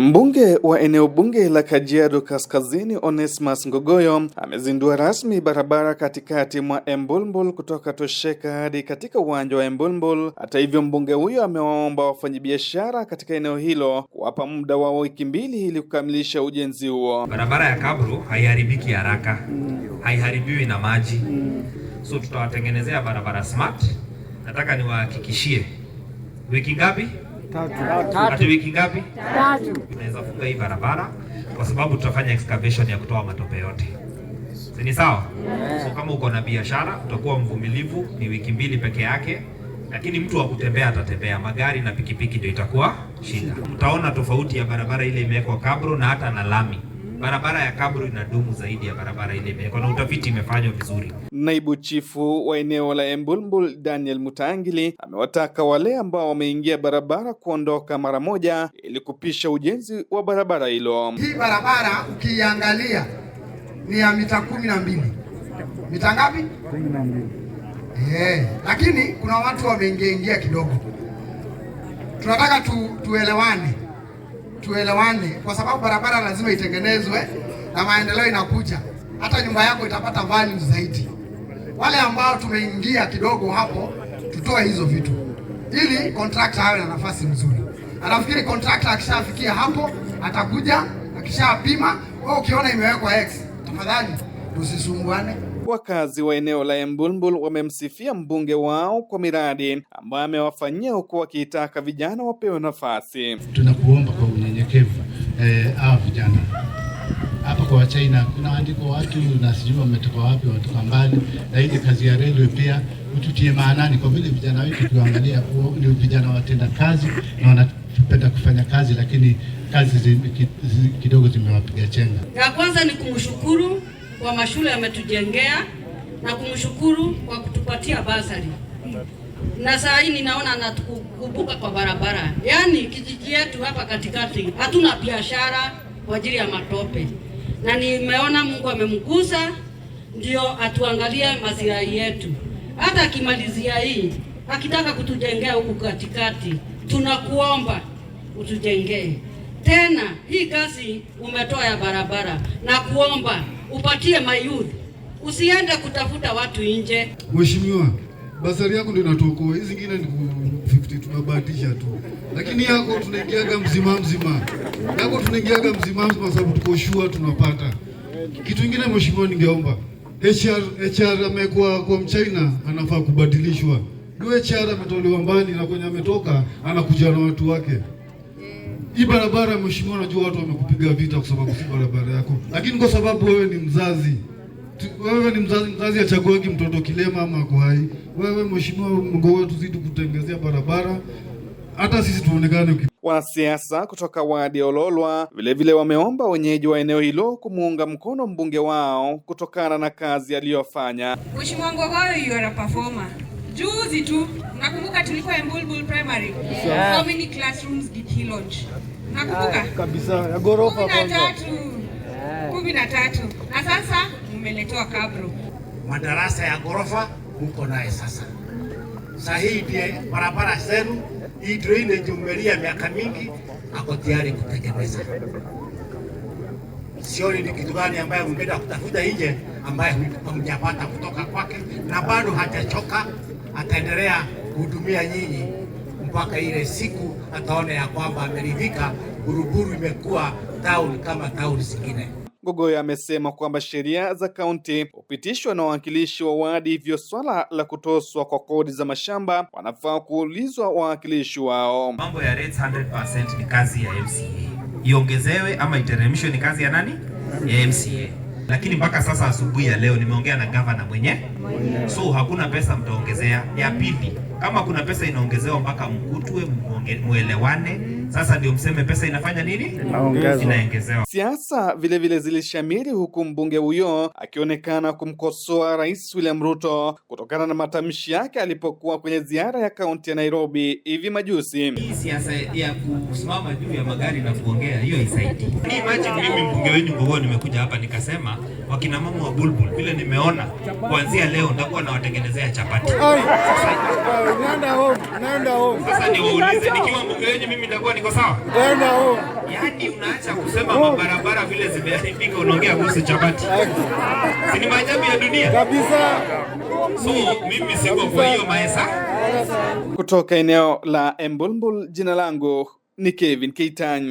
Mbunge wa eneo bunge la Kajiado Kaskazini Onesmus Ngogoyo amezindua rasmi barabara katikati mwa Embulbul kutoka Tosheka hadi katika uwanja wa Embulbul. Hata hivyo, mbunge huyo amewaomba wafanyabiashara katika eneo hilo kuwapa muda wa wiki mbili ili kukamilisha ujenzi huo. Barabara ya Kabru haiharibiki haraka, mm. haiharibiwi na maji, mm. so tutawatengenezea barabara smart. Nataka niwahakikishie wiki ngapi? tatu wiki ngapi? Tatu. Tunaweza funga hii barabara kwa sababu tutafanya excavation ya kutoa matope yote. Ni sawa? So kama uko na biashara utakuwa mvumilivu, ni wiki mbili peke yake, lakini mtu wa kutembea atatembea, magari na pikipiki ndio itakuwa shida. Mtaona tofauti ya barabara ile imewekwa kabro na hata na lami barabara ya Kaburu inadumu zaidi ya barabara ile imewekwa na utafiti imefanywa vizuri. Naibu chifu wa eneo la Embulbul Daniel Mutaangili amewataka wale ambao wameingia barabara kuondoka mara moja ili kupisha ujenzi wa barabara hilo. Hii barabara ukiangalia ni ya mita kumi na mbili mita ngapi? kumi na mbili. Yeah. Lakini kuna watu ingia kidogo, tunataka tu, tuelewane tuelewane, kwa sababu barabara lazima itengenezwe na maendeleo inakuja, hata nyumba yako itapata value zaidi. Wale ambao tumeingia kidogo hapo, tutoe hizo vitu ili contractor awe na nafasi mzuri. Anafikiri contractor akishafikia hapo atakuja, akishapima wewe, ukiona imewekwa X, tafadhali tusisumbuane. Wakazi wa eneo la Embulbul wamemsifia mbunge wao kwa miradi ambayo amewafanyia huku wakiitaka vijana wapewe nafasi. Tunakuomba eh, hawa ah, vijana hapa kwa China kuna andiko watu na sijui wametoka wapi, wametoka mbali, na ile kazi ya railway pia ututie maanani, kwa vile vijana wetu tuangalia ni vijana watenda kazi na wanapenda kufanya kazi, lakini kazi zi, zi, kidogo zimewapiga chenga. Ya kwanza ni kumshukuru kwa mashule yametujengea na kumshukuru kwa kutupatia basari na saa hii ninaona anatukumbuka kwa barabara. Yaani kijiji yetu hapa katikati hatuna biashara kwa ajili ya matope, na nimeona Mungu amemgusa ndio atuangalie maslahi yetu. Hata akimalizia hii akitaka kutujengea huku katikati, tunakuomba utujengee tena. Hii kazi umetoa ya barabara, na kuomba upatie mayuth, usiende kutafuta watu nje, mheshimiwa basari yako ndio inatuokoa. Hizi zingine ni 50 tunabahatisha tu, lakini yako tunaingiaga mzima mzima, yako tunaingiaga mzima mzima kwa sababu tuko sure tunapata kitu ingine. Mheshimiwa, ningeomba HR HR amekuwa kwa mchina anafaa kubadilishwa. Yule HR ametolewa mbali na kwenye ametoka anakuja na watu wake. Hii barabara mheshimiwa, najua watu wamekupiga vita kwa sababu si barabara yako, lakini kwa sababu wewe ni mzazi wewe ni mzazi, mzazi achaguagi mtoto kilema ama ako hai. Wewe mheshimiwa Mungu wetu, zidi kutengezea barabara hata sisi tuonekane. Wanasiasa kutoka wadi ya Ololwa vilevile wameomba wenyeji wa eneo hilo kumuunga mkono mbunge wao kutokana na kazi aliyofanya. Mheshimiwa Ngogoyo, you are a performer. Juzi tu nakumbuka tulikuwa Mbulbul Primary, how many classrooms did he launch? Nakumbuka kabisa ya gorofa kumi na tatu, kumi na tatu na sasa mmeletewa kabro, madarasa ya ghorofa muko naye sasa. Saa hii pia barabara zenu hii drainage mmelia miaka mingi, ako tayari kutekeleza. Sioni ni kitu gani ambaye mmeenda kutafuta nje ambaye hamjapata kutoka kwake, na bado hajachoka, ataendelea kuhudumia nyinyi mpaka ile siku ataona ya kwamba ameridhika. Buruburu imekuwa town kama town zingine. Gogoya amesema kwamba sheria za kaunti hupitishwa na wawakilishi wa wadi, hivyo swala la kutoswa kwa kodi za mashamba wanafaa kuulizwa wawakilishi wao. Mambo ya rates 100% ni kazi ya MCA, iongezewe ama iteremshwe ni kazi ya nani? Ya MCA. Lakini mpaka sasa asubuhi ya leo nimeongea na gavana mwenye, so hakuna pesa mtaongezea. Ya pili kama kuna pesa inaongezewa mpaka mkutwe, muelewane. Sasa ndio mseme pesa inafanya nini, inaongezewa. Siasa vilevile zilishamiri huku mbunge huyo akionekana kumkosoa Rais William Ruto kutokana na matamshi yake alipokuwa kwenye ziara ya kaunti ya Nairobi hivi majuzi. Hii siasa ya kusimama juu ya magari na kuongea hiyo isaidi. Imagine mimi mbunge wenu Mbogo, nimekuja hapa nikasema wakina mama wa Bulbul vile nimeona kuanzia leo nitakuwa nawatengenezea chapati. Naenda home, naenda home. Sasa nikiwa mbunge mimi nitakuwa niko sawa? home. Yaani unaacha kusema mabarabara vile zimeharibika unaongea kuhusu chapati. Si ni maajabu ya dunia. Kabisa. So mimi siko kwa hiyo maesa. Kutoka eneo la Embulbul jina langu ni Kevin Keitany.